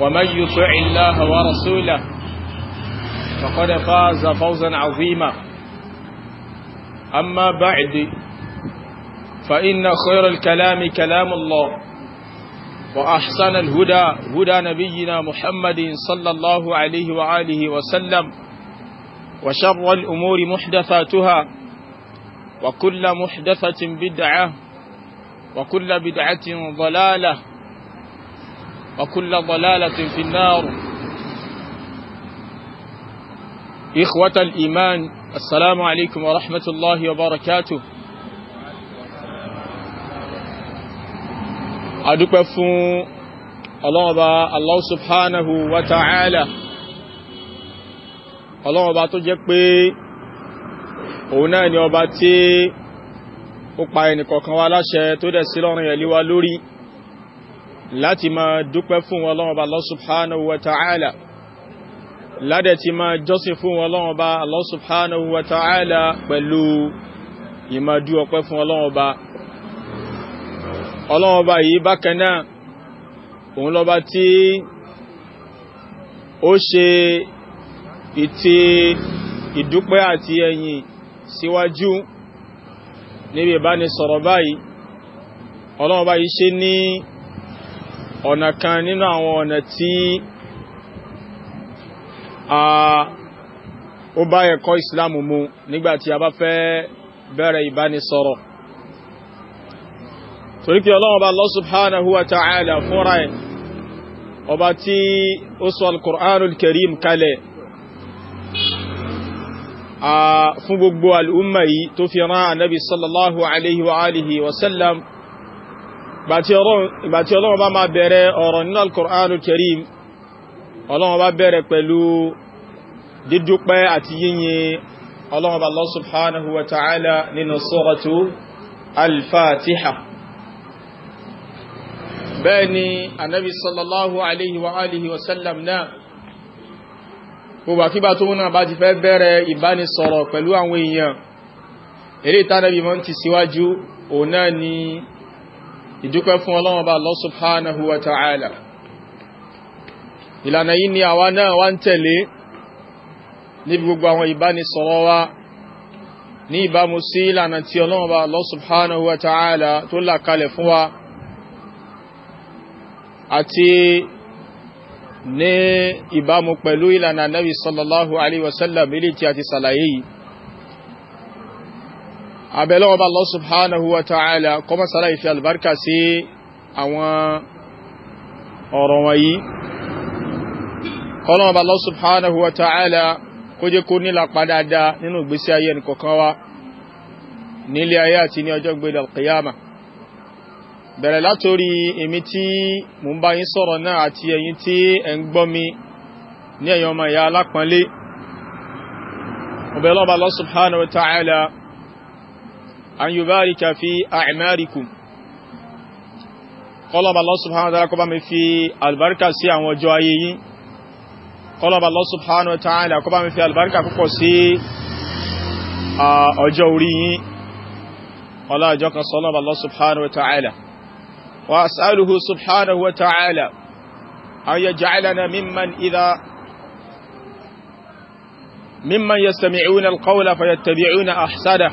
ومن يطع الله ورسوله فقد فاز فوزا عظيما أما بعد فإن خير الكلام كلام الله وأحسن الهدى هدى نبينا محمد صلى الله عليه وآله وسلم وشر الأمور محدثاتها وكل محدثة بدعة وكل بدعة ضلالة وكل ضلالة في النار إخوة الإيمان السلام عليكم ورحمة الله وبركاته أدوك فون الله الله سبحانه وتعالى الله ọba tó jẹ́ pé òun náà ni ọba tí ó pa ẹnìkọ̀ọ̀kan wa láṣẹ tó dẹ̀ sí lọ́rùn ẹ̀lẹ́wà lórí láti máa dúpẹ́ fún Ọlọ́run Ọba Allah subhanahu wa ta'ala ládẹ̀ ti máa jọ́sìn fún Ọlọ́run Ọba Allah subhanahu wa ta'ala pẹ̀lú ìmájú ọpẹ́ fún Ọlọ́run Ọba Ọlọ́run Ọba yìí bákan náà òun lọ́ba tí ó ṣe ìtì ìdúpẹ́ àti ẹ̀yìn síwájú níbi ìbánisọ̀rọ̀ báyìí Ọlọ́run Ọba yìí ṣe ní ọ̀nà kan nínú àwọn ọ̀nà tí a ó bá ẹ̀kọ́ ìsìláàmù mu nígbàtí a bá fẹ́ bẹ̀rẹ̀ ìbánisọ̀rọ̀ torí kí Ọlọ́run bá Allah subhanahu wa ta'ala fúnra ẹ̀ ọba tí ó sọ al-Qur'anul Karim kalẹ̀ fún gbogbo al'umma yìí tó fi rán ànábì sallallahu alaihi wa alihi wasallam ìgbàtí ọlọ́run bá máa bẹ̀rẹ̀ ọ̀rọ̀ nínú al-Qur'anul Karim ọlọ́run bá bẹ̀rẹ̀ pẹ̀lú dídúpẹ́ àti yínyìn ọlọ́run bá Allah subhanahu wa ta'ala nínú suratu al-Fatiha bẹ́ẹ̀ ni anábi sallallahu alaihi wa alihi wa sallam náà gbogbo àkíbà tó náà bá ìdúpẹ́ fún ọlọ́run bá Allah subhanahu wa ta'ala ìlànà yìí ni àwa náà wá ń tẹ̀lé níbi gbogbo àwọn ìbánisọ̀rọ̀ wa ní ìbámu sí ìlànà tí ọlọ́run bá Allah subhanahu wa ta'ala tó là fún wa àti ní ìbámu pẹ̀lú ìlànà nabi sallallahu alaihi wasallam ilé tí a ti sàlàyé yìí abẹ́lọ́wọ́ bá Allah subhanahu wa ta'ala kọmọ sára ìfẹ́ albarka sí àwọn ọ̀rọ̀ wọ̀nyí kọlọ́wọ́ bá Allah subhanahu wa ta'ala kó jẹ́ kó nílà padàdá nínú ìgbésí ayé nìkọ̀kan nílé ayé àti ní ọjọ́ gbé أن يبارك في أعماركم قال الله سبحانه وتعالى كما في البركة سي أن وجوهي قال الله سبحانه وتعالى كما في البركة كما سي أجوري آه، قال أجوك صلى الله سبحانه وتعالى وأسأله سبحانه وتعالى أن يجعلنا ممن إذا ممن يستمعون القول فيتبعون أحسنه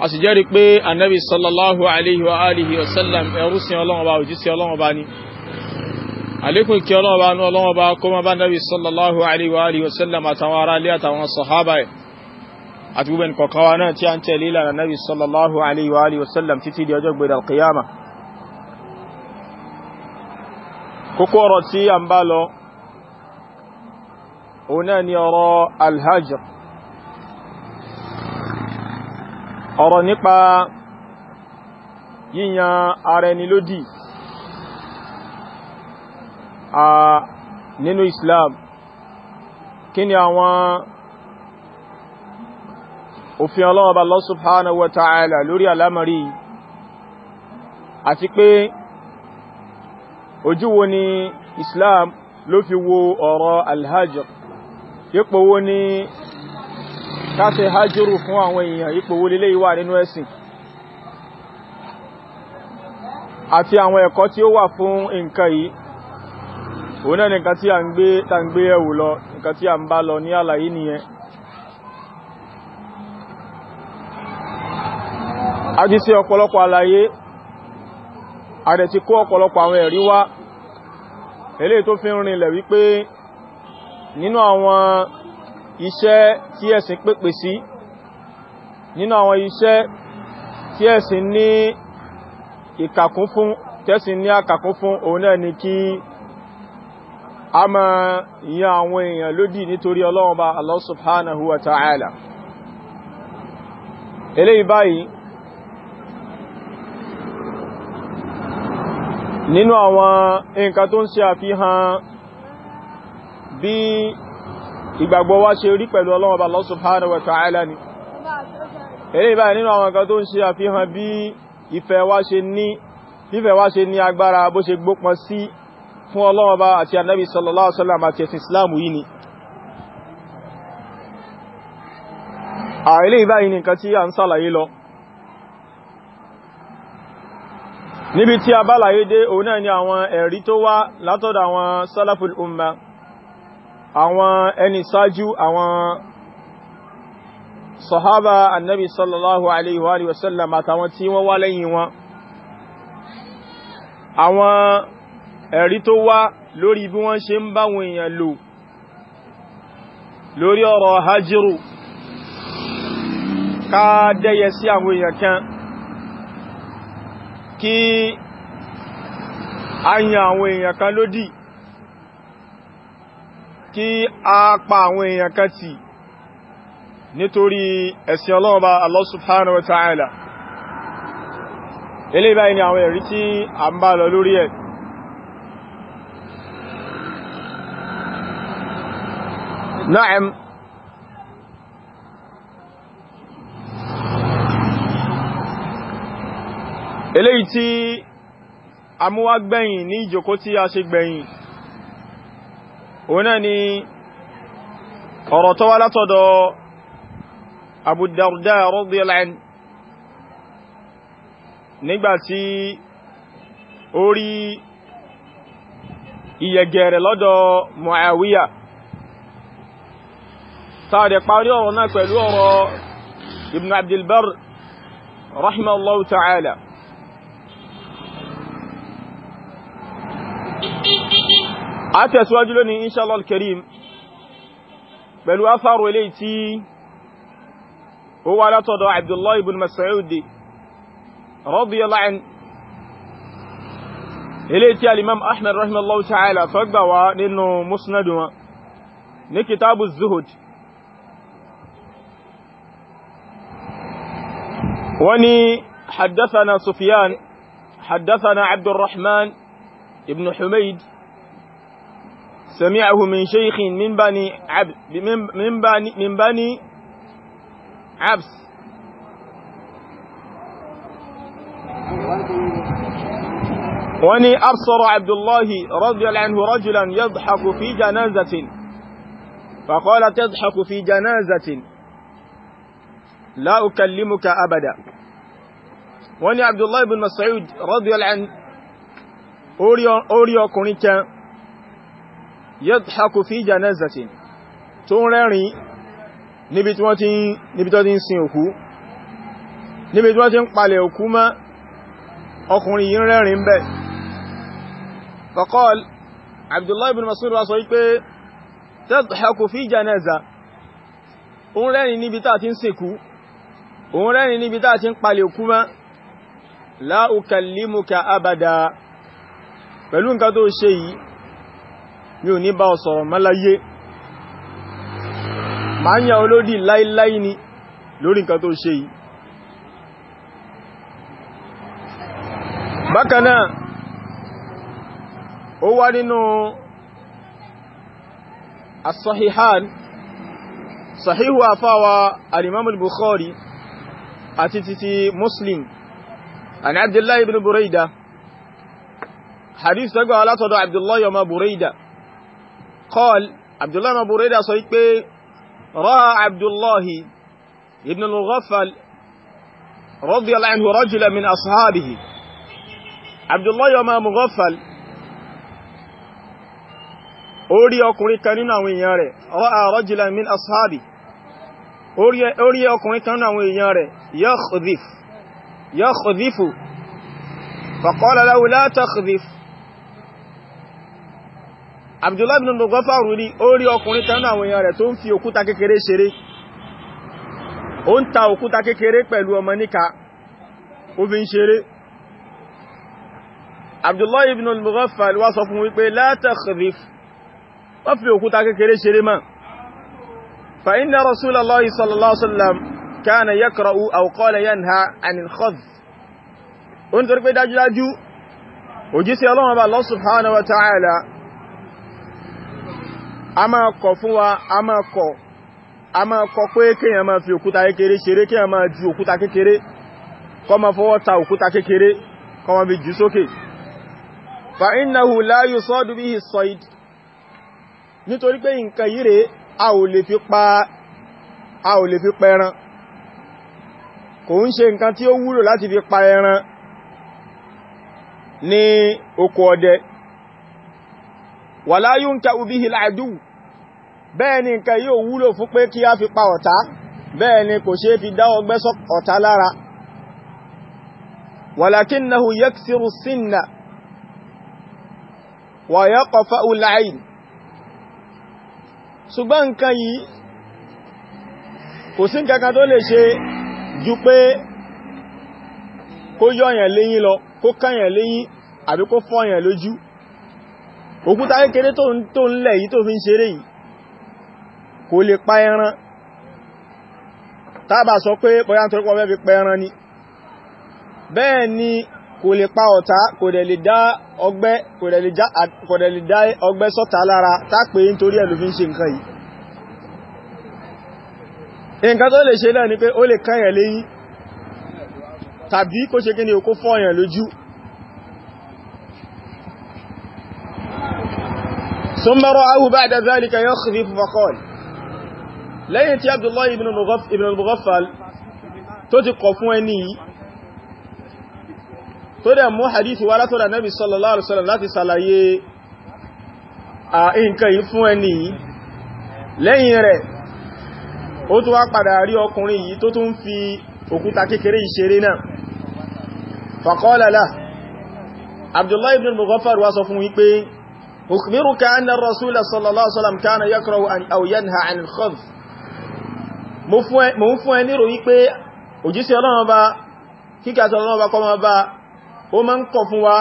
a sì jẹ́rìí pé anabi sallallahu alayhi wa alihi wa sallam ẹrú sí ọlọ́wọ́ bá òjíṣẹ́ ọlọ́wọ́ bá ní àlékún ìkẹ́ ọlọ́wọ́ bá ní ọlọ́wọ́ bá kó má bá anabi sallallahu alayhi wa alihi wa sallam àtàwọn ará ilé àtàwọn sọ̀hábà ẹ̀ àti gbogbo ẹnìkọ̀ọ̀kan wa náà tí a ń tẹ̀lé ìlànà anabi sallallahu alayhi wa alihi wa sallam títí di ọjọ́ gbẹ̀dẹ̀ alqiyama kókó ọ̀rọ̀ tí a ń bá lọ òun náà ni ọ̀rọ̀ alhajr ọ̀rọ̀ nípa yíyan ara ẹni lódì a nínú Islam kí ni àwọn òfin Ọlọ́run Ọba Allah subhanahu wa ta'ala lórí alámàrí àti pé ojú wo ni Islam ló fi wo ọ̀rọ̀ alhajj yípo wo ni káṣe hajjúrù fún àwọn èèyàn ipò wo lélé ìwà nínú ẹ̀sìn àti àwọn ẹ̀kọ́ tí ó wà fún nǹkan yìí òun náà nǹkan tí a ń gbé tá ń gbé ẹ̀wò lọ nǹkan tí a ń bá lọ ní àlàyé nìyẹn a ti ṣe ọ̀pọ̀lọpọ̀ àlàyé a ti kó ọ̀pọ̀lọpọ̀ àwọn ẹ̀rí wá eléyìí tó fi ń rinlẹ̀ wípé nínú àwọn iṣẹ́ tí ẹ̀sìn pèpè sí nínú àwọn iṣẹ́ tí ẹ̀sìn ní ìkàkún fún tẹ́sìn ní àkàkún fún òun náà ni kí a ma yan àwọn èèyàn lódì nítorí ọlọ́run bá Allah subhanahu wa ta'ala eléyìí báyìí nínú àwọn nǹkan tó ń ṣe àfihàn bí ìgbàgbọ́ wa ṣe rí pẹ̀lú ọlọ́wọ́ba Allah subhanahu wa ta'ala ni èyí báyìí nínú àwọn kan tó ń ṣe àfihàn bí ìfẹ́ wa ṣe ní ìfẹ́ wa ṣe ní agbára bó ṣe gbópọn sí fún ọlọ́wọ́ba àti anábì sallallahu àwọn ẹni sáájú àwọn sọ̀hábà annabi sallallahu alaihi wa alihi wasallam àtàwọn tí wọ́n wá lẹ́yìn wọn àwọn ẹ̀rí tó wá lórí bí wọ́n ṣe ń bá wọn èèyàn lò lórí ọ̀rọ̀ hajjiru ká dẹ́yẹ sí àwọn èèyàn kan kí a yàn àwọn èèyàn kan lódì kí a pa àwọn èèyàn kan tì nítorí ẹ̀sìn ọlọ́run bá Allah subhanahu wa ta'ala ilé báyìí ni àwọn ẹ̀rí tí a ń bá lọ lórí ẹ̀ na'am eléyìí tí amúwágbẹ̀yìn ní ìjókòó tí a ṣe gbẹ̀yìn هنا ني أرطوا لطدو أبو الدرداء رضي الله عنه نقبتي أوري ìyẹ̀gẹ̀rẹ̀ lọ́dọ̀ Muawiya sáàdẹ̀ parí ọ̀rọ̀ náà pẹ̀lú ọ̀rọ̀ Ibn Abdilbar rahimahullahu ta'ala ati a tẹ̀síwájú ni inshallah al-karim pẹ̀lú afaru ilé tí ó wá látọ̀dọ̀ abdullahi ibn masaudi radiyallahu an ilé tí al-imam ahmed rahimahullahu ta'ala fagba wa nínú musnadu wọn ní kitabu zuhud wani حدثنا سفيان حدثنا عبد الرحمن ابن حميد سمعه من شيخ من بني عبد من بني من بني عبس وني أبصر عبد الله رضي الله عنه رجلا يضحك في جنازة فقال تضحك في جنازة لا أكلمك أبدا وني عبد الله بن مسعود رضي الله عنه أوريو أوريو كونيكا yadhaku fi janazatin tó ń rẹ́rin níbi tí wọ́n ti ń sin òkú níbi tí wọ́n ti ń palẹ̀ òkú mọ́ ọkùnrin yìí rẹ́rin bẹ́ faqal abdullahi ibn mas'ud wá sọ wípé tadhaku fi janaza ó ń rẹ́rin níbi tá ti ń sìnkú ó ń rẹ́rin níbi tá ti la ukallimuka abada pẹ̀lú nǹkan tó ṣe yìí mi ò ní bá ọ sọ̀rọ̀ máláyé ma ń yà olódì láíláí ni lórí nǹkan tó ṣe yìí bákanáà ó wá nínú as-sahihan sahihu afáwa alimamul bukhari àti titi muslim an abdullahi ibn buraida hadith tagba alátọ̀dọ̀ abdullahi ọmọ buraida قال عبد الله بن بريدة صيبي رأى عبد الله ابن المغفل رضي الله عنه رجلا من أصحابه عبد الله يوم مغفل أوري أكوني كانين وينياري رأى رجلا من أصحابه أوري أكوني كانين وينياري يخذف يخذف فقال له لا تخذف Abdullahi ibn Mughafaru ní ó rí ọkùnrin kan náà àwọn èèyàn rẹ̀ tó ń fi òkúta kékeré ṣeré ó ń ta òkúta kékeré pẹ̀lú ọmọ níka ó fi ń ṣeré Abdullahi ibn Mughafaru wá sọ fún wípé la takhdhif wọ́n fi òkúta kékeré ṣeré mọ́ fa inna Rasulullahi sallallahu alaihi wasallam kana yakra'u aw qala yanha 'anil khadhf Ọlọ́run Ọba Allah subhanahu wa ta'ala a máa kọ̀ fún wa a máa kọ̀ a máa pé máa fi òkúta kékeré ṣeré a máa ju òkúta kékeré kọ ma fọwọ́ ta òkúta kékeré kó máa fi jù sókè fa innahu la yusadu bihi as-sayd nítorí pé nǹkan yíre a ò lè fi pa a o fi pa ẹran kò ń ṣe nǹkan tí ó wúlò láti fi pa ẹran ní ọdẹ bẹ́ẹ̀ ni nǹkan yóò wúlò fún pé kí a fi pa ọ̀tá bẹ́ẹ̀ ni kò ṣe fi dá ọgbẹ́ sọ ọ̀tá lára walakinnahu yaksiru sinna wa yaqfa'u al-'ayn ṣùgbọ́n nǹkan yìí kò sí nǹkankan tó lè ṣe ju pé kó yọ́yàn léyín lọ kó káyàn léyín àbí kó fọ́yàn lójú òkúta kékeré tó ń lẹ̀ yìí tó fi ń ṣeré yìí kò lè pa ẹran tábà sọ pé bóyá nítorí pọ́ fẹ́ fi pa ẹran ni bẹ́ẹ̀ ni kò lè pa ọ̀tá kò dẹ̀ lè dá ọgbẹ́ kò dẹ̀ lè dá ọgbẹ́ sọ́ta lára tápé nítorí ẹ̀ ló fi ń ṣe nǹkan yìí nǹkan tó lè ṣe náà ni lẹ́yìn tí Abdullahi ibn al-Mughaffal tó ti kọ̀ fún ẹni yìí tó dẹ̀ mú hadith wá látọ́dà Nabi sallallahu alaihi wasallam láti sàlàyé à nǹkan yìí fún ẹni yìí lẹ́yìn rẹ̀ ó tún wá padà rí ọkùnrin yìí tó tún fi òkúta kékeré ìṣeré náà faqala Abdullahi ibn al-Mughaffal wá sọ fún wípé أخبرك أن الرسول صلى الله عليه وسلم كان يكره أو ينهى عن الخذف mo ń fún ẹ nírò wípé òjíṣẹ́ ọlọ́run bá kíkàtà ọlọ́run bá kọ́ ma bá ó ma ń kọ̀ fún wa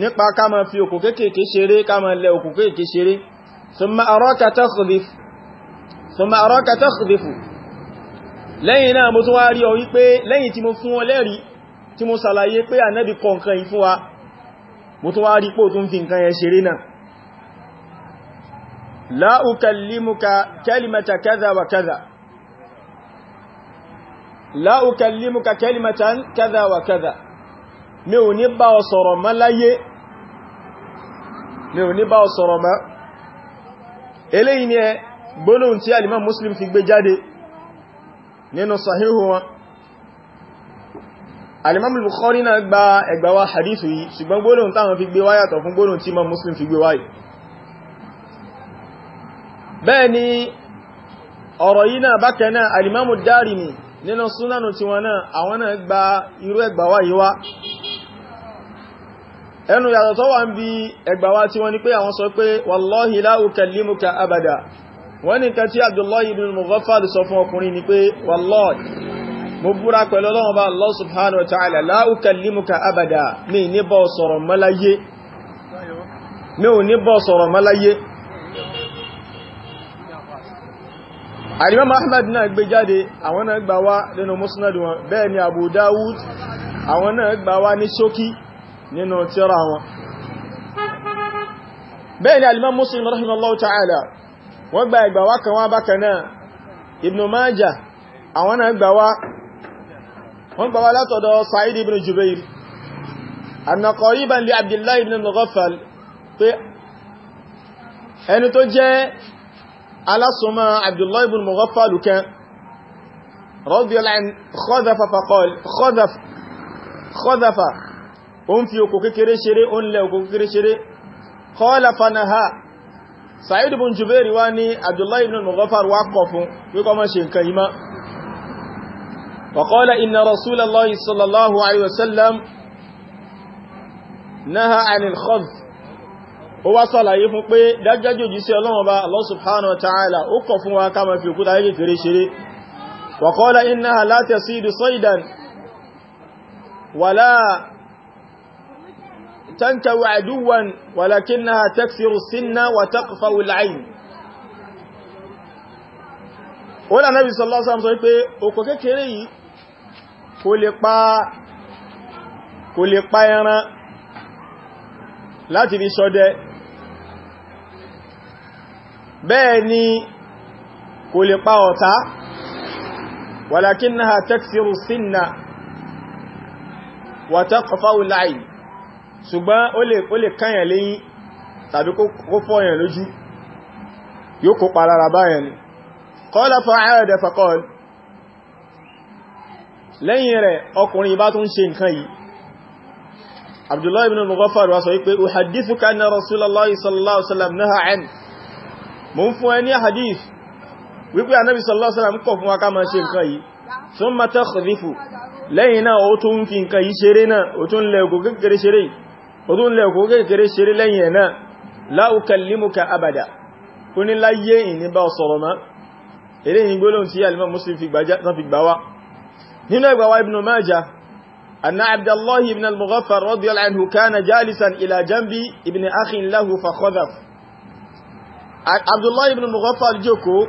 nípa ká ma fi òkú kéèkéé ṣeré ká ma lẹ òkú kéèkéé ṣeré summa araka takhdhif summa araka takhdhifu lẹ́yìn náà mo tún wá rí ọ wípé lẹ́yìn tí mo fún ọ lẹ́rí tí mo sàlàyé pé ànábì kọ nǹkan yìí fún wa mo tún wá rí pò tún fi nǹkan yẹn ṣeré náà la ukallimuka kalimata kaza wa kaza la ukallimuka kalimatan kadha wa kadha mi ò ní bá ọ sọ̀rọ̀ mọ́ láyé mi ò ní bá ọ sọ̀rọ̀ mọ́ eléyìí ni gbólóhùn tí alìmọ́ muslim fi gbé jáde nínú sahihu wọn alìmọ́ bukhari náà gba ẹgbàwà hadithu yìí ṣùgbọ́n gbólóhùn táwọn fi ni nínú súnánù tí wọn náà àwọn náà gba irú ẹgbàwá yìí wá ẹnu yàtọ̀ tó wà ń bí ẹgbàwá tí wọ́n ní pé àwọn sọ pé wallahi la ukallimuka abada wọ́n ní kan tí Abdullahi ibn Mughaffal sọ fún ọkùnrin ni pé wallahi mo Al-Imam Ahmad náà gbé jáde àwọn náà gbà wá nínú Musnad wọn bẹ́ẹ̀ ni Abu Dawud àwọn náà gbà wá ní ṣókí nínú tírà wọn bẹ́ẹ̀ ni Al-Imam Muslim rahimahullahu ta'ala wọ́n gba ìgbà wá kan wá bákan náà Ibn Majah àwọn náà gbà wá látọ̀dọ̀ Sa'id ibn Jubair anna qariban li Abdullah ibn Mughaffal pé ẹni tó jẹ́ alásùnmọ́ abdullahi ibn mughaffal kan radiyallahu anhu khadafa faqal khadafa khadafa ó ń fi okò kékeré ṣeré ó ń lẹ okò kékeré ṣeré qala fanaha sa'id ibn jubair wá ní abdullahi ibn mughaffal wá kọ̀ fún wíkọ́ mọ́ ṣe nǹkan yìí má وقال إن رسول الله صلى الله عليه وسلم نهى عن الخذف ó wá sàlàyé fún pé dájájú òjíṣẹ́ ọlọ́run bá Allah subhanahu wa ta'ala ó kọ̀ fún wa ká má fi òkúta kékeré ṣeré wa qala innaha la tasidu saydan wala tantawi aduwan walakinnaha taksiru sinna wa taqfa'u al-'ayn ó lànà bí sallallahu alaihi wasallam sọ láti fi ṣọdẹ bẹ́ẹ̀ ni kò lè pa ọ̀tá walakinnaha takfiru sinna wa taqfa'u al-'ayn ṣùgbọ́n ó lè kányàn léyìn tàbí kó fọ́yàn lójú yóò kó palára báyàn ni qala fa'ada faqala lẹ́yìn rẹ̀ ọkùnrin bá tún ṣe nǹkan yìí Abdullahi ibn al-Mughaffar wá sọ wípé uhadithuka anna Rasulullahi sallallahu alaihi wasallam naha mo ń fún ẹ ní hadith wípé anábi sallallahu alaihi wasallam kọ̀ fún wa ká máa ṣe nǹkan yìí summa takhrifu lẹ́yìn náà ó tún fi nǹkan yìí ṣeré náà ó tún lẹ́ẹ̀kọ́ kékeré ṣeré ó tún lẹ́ẹ̀kọ́ kékeré ṣeré lẹ́yìn náà la ukallimuka abada ó ní láyé ìní bá sọ̀rọ̀ má eré ìgbólóhùn tí alimọ́ muslim fi gbà wá nínú ẹgbà wa ibn Abdullahi ibn Mughaffal jókòó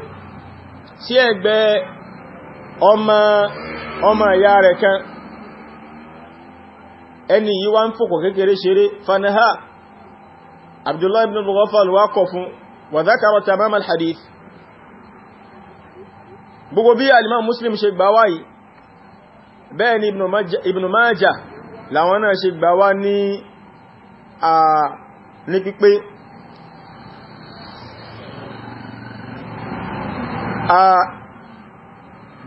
sí ẹgbẹ́ ọmọ ọmọ ìyá rẹ̀ kan ẹni yìí wá ń fòkò kékeré ṣeré fanaha Abdullahi ibn Mughaffal wá kọ̀ fún wa dhakara tamam al-hadith gbogbo bí alimá muslim ṣe gbà wá bẹ́ẹ̀ ni ibn Majah làwọn náà ṣe gbà wá ní pípé a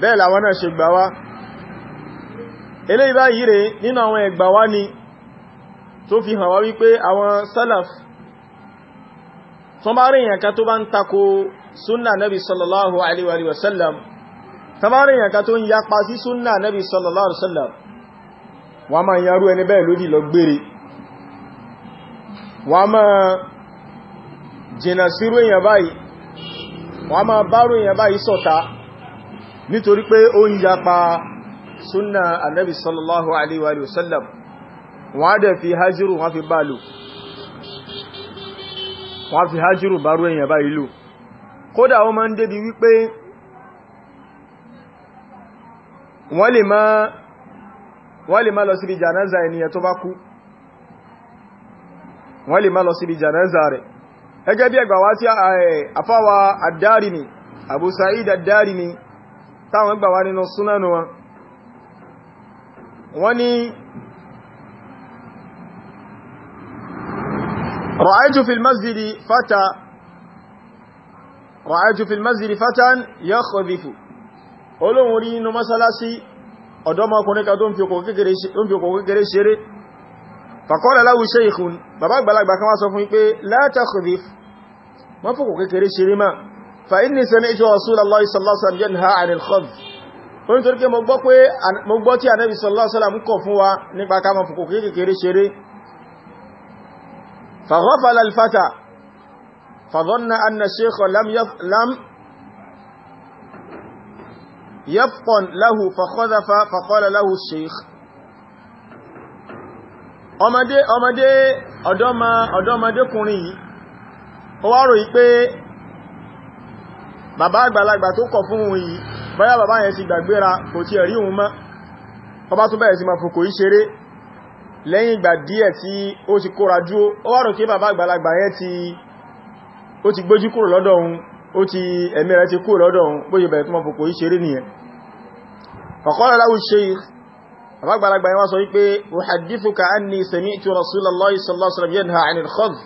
bẹ́ẹ̀ làwọn náà ṣe gbàwá eléyìí báyìí rẹ̀ nínú àwọn ẹgbàwá ni tó fi hàn wá wípé àwọn salaf tó bá rí ìyànká tó bá ń tako súnnà nabi sallallahu alaihi wa sallam tó bá rí ìyànká tó ń yapa sí súnnà nabi sallallahu alaihi wa wọ́n máa bárò èèyàn báyìí ṣọ̀tá nítorí pé ó ń yapa súnà annabi sallallahu alaihi wa sallam wọ́n á dẹ̀ fi hajjiru wọ́n fi bá lò wọ́n fi hajjiru bárò èèyàn báyìí lò kódà wọ́n máa ń débi wípé wọ́n lè má lọ síbi jànáza ẹniyàn ẹgẹ́ bí ẹgbà wá sí àfáwà àdárìmì Abu Sa'id àdárìmì táwọn gbà wá nínú súnánù wọn wọ́n ni ra'aytu fil masjidi fata ra'aytu fil masjidi fatan yakhdhifu olóhun rí inú masalasi ọ̀dọ́mọkùnrin ka tó ń fi okò kékeré ṣeré faqala lahu shaykhun bàbá àgbàlagbà kan wá sọ fún pé la wọ́n fòkò kékeré ṣeré máa fàyín ní sẹ́mẹ́ ìṣọ́ Rasulullahi sallallahu alaihi wasallam yanha anil khadh ó ní torí pé mo gbọ́ tí Ànábì sallallahu alaihi wasallam kọ̀ fún wa nípa ká má fòkò kékeré ṣeré faghafala al-fata fadhanna anna shaykha lam yafqan lahu fakhadhafa faqala lahu shaykh ọmọdé ọmọdé ọ̀dọ́mọdékùnrin yìí ó wá ròyìn pé bàbá àgbàlagbà tó kọ̀ fún òun yìí báyá bàbá yẹn ti gbàgbéra kò tí ẹ̀rí òun mọ́ ó bá tún bẹ̀rẹ̀ sí máa fòkò ìṣeré lẹ́yìn ìgbà díẹ̀ tí ó ti kóra dúó ó wá rò kí bàbá àgbàlagbà yẹn ti ó ti gbójú kúrò lọ́dọ̀ òun ó ti ẹ̀mí rẹ̀ ti kúrò lọ́dọ̀ òun bó ṣe bẹ̀rẹ̀ tó سمعت رسول الله صلى الله عليه وسلم ينهى عن الخذف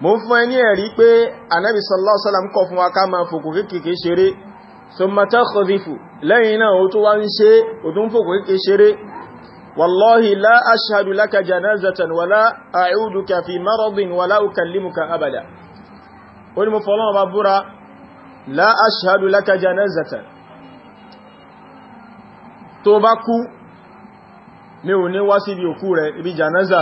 mo fún ẹ ní ẹ̀rí pé anábì sallallahu alaihi wasallam kọ̀ fún wa ká máa fòkò kéèkéé ṣeré summa takhzifu lẹ́yìn náà ó tó wá ń ṣe ó tún fòkò kéèkéé ṣeré wallahi la ashhadu laka janazatan wala a'uduka fi maradin wala ukallimuka abada ó ní mo fọ́lọ́wọ́ bá búra la ashhadu laka janazatan tó bá kú mi ò ní wá síbi òkú rẹ̀ ibi janaza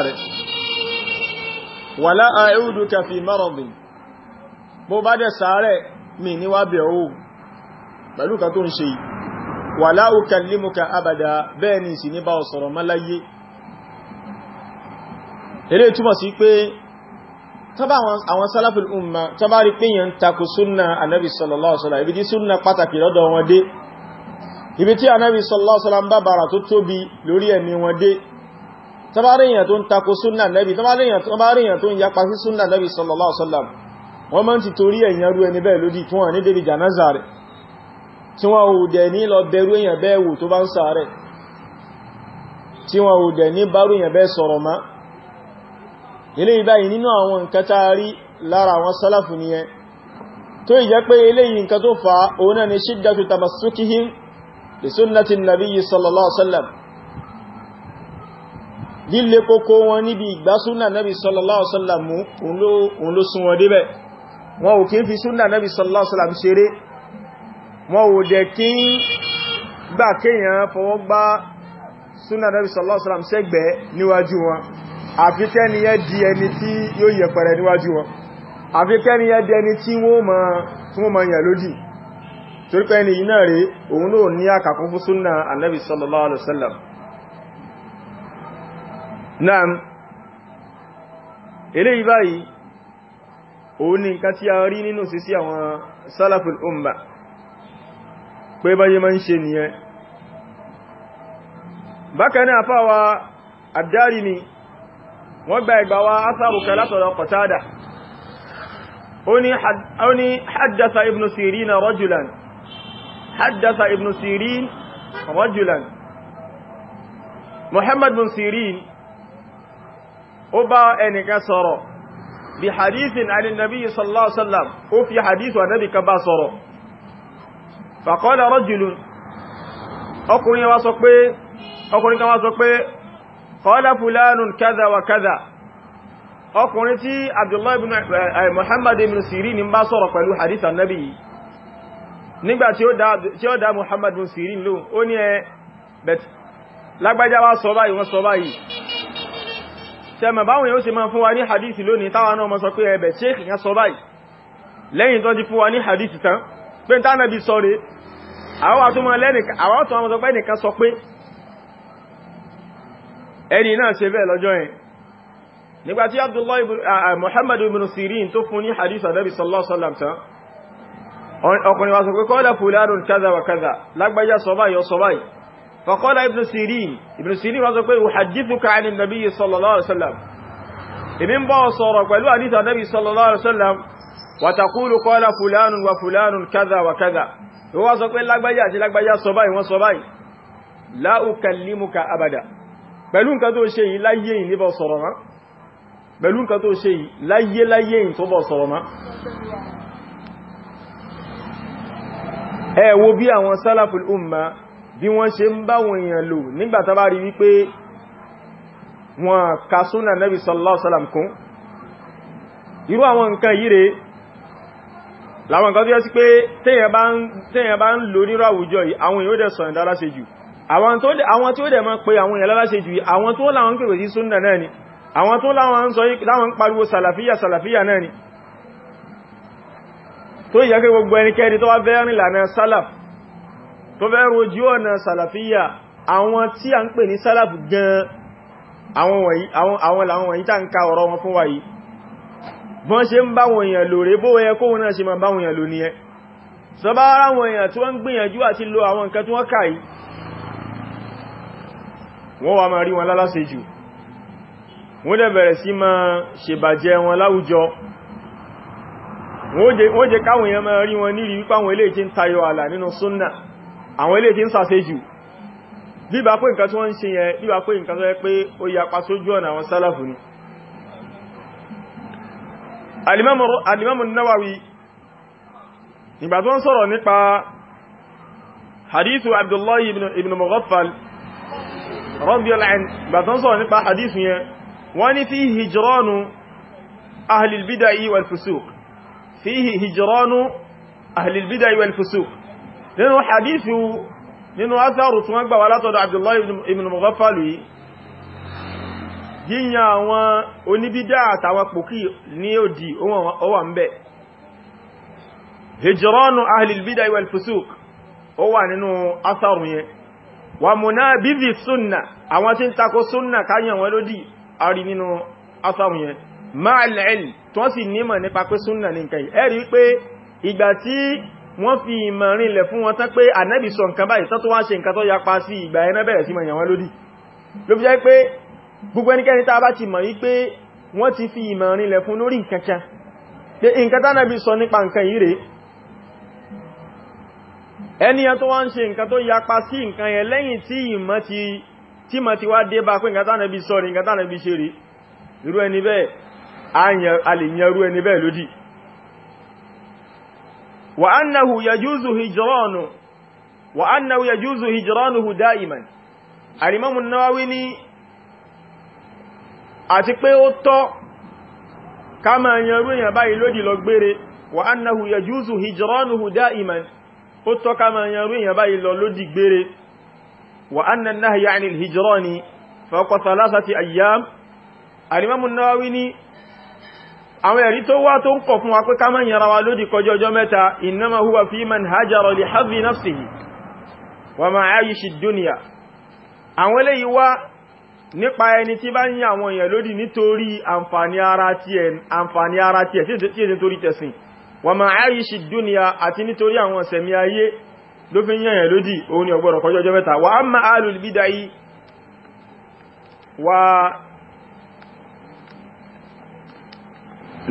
wàlá àìúdùkà fi márọ̀dìn bó bá dẹ̀ sàárẹ̀ mi níwá bẹ̀ ó pẹ̀lú ka tó ń ṣe wàlá ukallimuka abada bẹ́ẹ̀ ni sì ní bá ọ̀sọ̀rọ̀ máláyé eré túmọ̀ sí pé tọ́bá àwọn sálàfil umma tọ́bá rí pé yẹn takò súnna anábi sallallahu alaihi wasallam ibi tí súnna pàtàkì lọ́dọ̀ wọn dé tabaríyàn tó ń takò súnnà nẹ́bí tabaríyàn tó ń yapa sí súnnà nẹ́bí sallallahu alaihi wasallam wọ́n máa ń ti torí èyàn rú ẹni bẹ́ẹ̀ lódì tí wọ́n ní débi jànáza rẹ̀ tí wọ́n ò dẹ̀ ní lọ bẹ̀rù èyàn bẹ́ẹ̀ wò tó bá ń sàárẹ̀ tí wọ́n ò dẹ̀ ní bárú èyàn bẹ́ẹ̀ sọ̀rọ̀ má eléyìí báyìí nínú àwọn líle kókó wọn níbi ìgbà súnà nẹ́bí sallallahu alaihi wasallam òun ló sún wọn débẹ̀ wọn ò kí ń fi súnà nẹ́bí sallallahu alaihi wasallam ṣeré wọn ò dẹ̀ kí ń gbà kéèyàn fọwọ́ gbá súnà nẹ́bí sallallahu alaihi wasallam sẹ́gbẹ̀ níwájú wọn àfi kẹ́niyẹ di ẹni tí yóò yẹpẹrẹ níwájú wọn àfi kẹ́niyẹ di ẹni tí wọ́n mọ̀ yẹ̀ lódì torípẹ́ni yìí náà rèé òun náà ní àkàkún fún sallallahu alaihi naam eléyìí báyìí òun ni nǹkan tí a rí nínú sí sí àwọn salaful umma pé báyé ma ń ṣe nìyẹn bákan náà fáwa ad-Darimi wọ́n gba ẹgbà wa asáàrù kan látọ̀rọ̀ Qatada ó ní haddasa ibn Sirin rajulan haddasa ibn Sirin rajulan Muhammad bin Sirin ó bá ẹnìkan sọ̀rọ̀ bí hadithin alìnàbí sallallahu alaihi wasallam ó fi hadith wà nábi kan bá sọ̀rọ̀ faqala rajulun ọkùnrin wá sọ pé ọkùnrin kan wá sọ pé qala fulanun kaza wa kaza ọkùnrin tí abdullahi ibn eh, muhammad ibn sirin ń bá sọ̀rọ̀ pẹ̀lú hadith annabi nígbà tí sẹ́mọ̀ báwọn yóò ṣe máa fún wa ní hadith lónìí táwọn náà mọ́ sọ pé ẹbẹ̀ sheikh yẹn sọ báyìí lẹ́yìn tó ti fún wa ní hadith tán pé tánàbí sọ rẹ̀ àwọn àtúmọ̀ lẹ́nìkan àwọn àtúmọ̀ mọ́ sọ pé ẹnìkan sọ pé ẹni náà ṣe bẹ́ẹ̀ lọ́jọ́ yẹn nígbàtí Abdullah Muhammad ibn Sirin tó fún ní فقال ابن سيرين ابن سيرين wá sọ pé أحدثك عن النبي صلى الله عليه وسلم èmi ń bọ́ sọ̀rọ̀ pẹ̀lú àdíta nabi sallallahu alaihi wasallam وتقول قال فلان وفلان كذا وكذا ó wá sọ pé lágbájá àti lágbájá sọ báyìí wọ́n sọ báyìí لا أكلمك أبدا pẹ̀lú nǹkan tó ṣe yìí láyé yìí níbọ̀ sọ̀rọ̀ mọ́ pẹ̀lú nǹkan tó ṣe yìí láyé láyé yìí tó bọ̀ sọ̀rọ̀ mọ́ ẹ wo bí àwọn salaful umma bí wọ́n ṣe ń bá wọn èèyàn lò nígbàtà bá rí wípé wọn ka súnà nẹ́bí sallallahu alaihi wasallam kún irú àwọn nǹkan yìí rẹ̀ láwọn nǹkan tó yẹ sí pé téèyàn bá ń lò nírú àwùjọ yìí àwọn èèyàn ó dẹ̀ sọ̀rọ̀ dáláṣe jù àwọn tí ó dẹ̀ mọ́ pé àwọn èèyàn láláṣe jù àwọn tó tó fẹ́ rojú ọ̀nà sàlàfíyà àwọn tí a ń pè ní sálàfù gan àwọn làwọn wọ̀nyí tá ń ka ọ̀rọ̀ wọn fún wa yìí bọ́n ṣe ń bá wọ̀nyàn lò rẹ̀ bó wẹ́ kó wọn náà ṣe ma bá wọ̀nyàn lò ní ẹ sọ bá ara wọ̀nyàn tí wọ́n gbìyànjú àti lo àwọn nǹkan tí wọ́n kà yìí wọ́n wà máa rí wọn láláṣe jù wọ́n dẹ̀ bẹ̀rẹ̀ sí máa ṣèbàjẹ́ wọn láwùjọ wọ́n jẹ́ káwọn èèyàn máa rí wọn nírí wípáwọn ilé ìtí ń tayọ àlà nínú súnnà àwọn ilé tí ń sàṣe jù bíbá pé nǹkan tí wọ́n ń ṣe yẹn bíbá pé nǹkan tó yẹ pé ó yapa sójú ọ̀nà àwọn sálàfù ni alimamu nawawi ìgbà tó ń sọ̀rọ̀ nípa hadithu abdullahi ibn mughaffal radiyallahu anhu ìgbà tó ń sọ̀rọ̀ nípa hadithu yẹn wọ́n ní fi hijranu ahlil bida'i wal nínú hadithu nínú atharu tí wọ́n gbà wá látọ̀dọ̀ Abdullahi ibn Mughaffal yìí yíyan àwọn oníbídá àtàwọn pòkí ní òdì ó wà ń bẹ̀ hijranu ahlil bidai wal fusuq ó wà nínú atharu yẹn wa munabizi sunna àwọn tí ń takò sunna káyàn wọn lódì a nínú atharu yẹn ma'al tó sì nímọ̀ nípa pé sunna ní ẹ̀rí pé ìgbà tí wọ́n fi ìmọ̀rin lẹ̀ fún wọn tán pé ànábì sọ nǹkan báyìí tó tó wá ṣe nǹkan tó yapa sí ìgbà ẹ̀nà bẹ̀rẹ̀ sí mọ̀ èèyàn wọn lódì ló fi jẹ́ pé gbogbo ẹnikẹ́ni tá a bá ti mọ̀ yí pé wọ́n ti fi ìmọ̀rin lẹ̀ fún lórí nǹkan kan pé nǹkan a lè yan irú ẹni وأنه يجوز هجرانه وأنه يجوز هجرانه دائما الإمام النووي ní àti pé ó tọ́ ká máa yanrú èyàn báyìí lódì lọ gbére wa annahu yajuzu hijranuhu da'iman ó tọ́ ká máa yanrú èyàn báyìí lọ lódì gbére wa anna an-nahya 'anil hijrani fawqa thalathati ayyam al-imam an-nawawi àwọn ẹ̀rí tó wá tó ń kọ̀ fún wa pé ká máa yẹra wa lódì kọjọ ọjọ́ mẹ́ta innama huwa fi man hajara li hadhi nafsihi wa ma'ayishi dunya àwọn eléyìí wá nípa ẹni tí bá ń yà àwọn èèyàn lódì nítorí àǹfààní ara tiẹ̀ àǹfààní ara tiẹ̀ tí èdè torí tẹ̀sìn wa ma'ayishi dunya àti nítorí àwọn sẹ̀mí ayé ló fi ń yà èèyàn lódì òun ni ọgbọ̀rọ̀ kọjọ ọjọ́ mẹ́ta wa amma alul bidai wa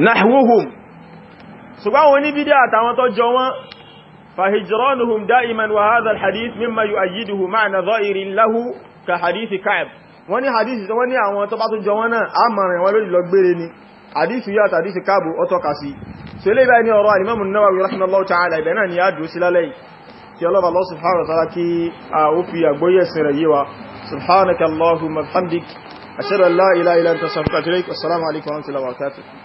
nahwuhum ṣùgbọ́n wọn ní bídá àtàwọn tó jọ wọn fahijranuhum da'iman wa hadha alhadith mimma yu'ayyiduhu ma'na dhahirin lahu ka hadithi ka'b wọ́n ní hadithi tó wọ́n ní àwọn tó bá tó jọ wọn náà a mọ̀rin wọn lórí lọ́gbére ni hadithi yóò àti hadithi ka'b ó tọ́ka sí so ilé ibá ní ọ̀rọ̀ alimamu nawawi rahimahullahu ta'ala ibẹ̀ náà ni a dùn sí lálẹ́